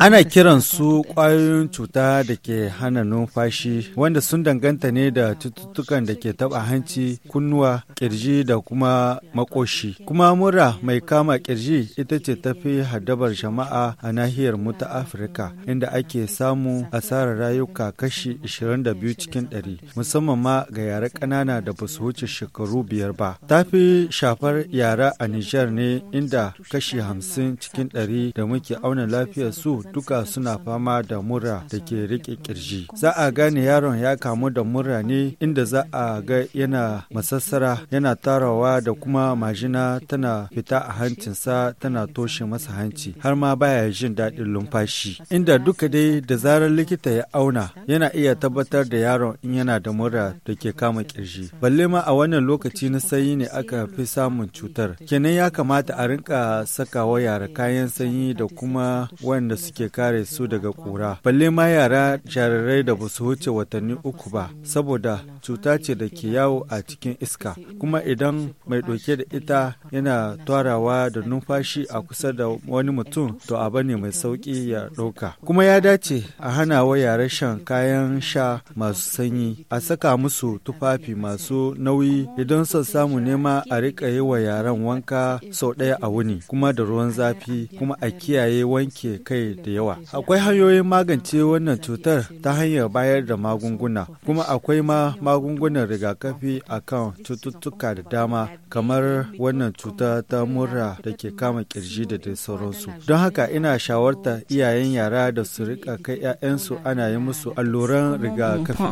Ana kiran su ƙwayoyin cuta da ke hana numfashi wanda sun danganta ne da cututtukan da ke taɓa hanci, kunnuwa, ƙirji da kuma makoshi. Kuma mura mai kama ƙirji ita ce ta fi haddabar jama'a a nahiyar mu ta Afirka inda ake samu asarar rayuka kashi 22 cikin 100 musamman ma ga yara ƙanana da ba su wuce shekaru biyar ba. ta fi shafar yara a Nijar ne inda kashi 50 cikin 100 da da muke auna lafiyar su duka suna fama da mura da ke rike kirji. Za a gane yaron ya kamu da mura ne inda za a ga yana masassara yana tarawa da kuma majina tana fita a hancinsa tana toshe masa hanci har ma baya jin daɗin lumfashi. Inda duka dai da zarar likita ya auna yana iya tabbatar da yaron in yana da mura da ke kama kirji. Balle ma a wannan lokaci na sanyi ne aka fi samun cutar. Kenan ya kamata a rinka sakawa yara kayan sanyi da kuma wanda suke kare su daga ƙura. Balle ma yara jarirai da ba su wuce watanni uku ba, saboda cuta ce da ke yawo a cikin iska. Kuma idan mai ɗauke da ita yana tarawa da numfashi a kusa da wani mutum to abu ne mai sauƙi ya ɗauka. Kuma ya dace a hana wa yara shan kayan sha masu sanyi, a saka musu tufafi masu nauyi idan son samu nema a riƙa yi wa yaran wanka sau ɗaya a wuni kuma da ruwan zafi kuma a kiyaye wanke kai da yawa. Akwai hanyoyin magance wannan cutar ta hanyar bayar da magunguna, kuma akwai ma magungunan rigakafi a kan cututtuka da dama kamar wannan cuta ta mura da ke kama kirji da dai sauransu. Don haka ina shawarta iyayen yara da su rika kai 'ya'yansu ana yi musu alluran rigakafi.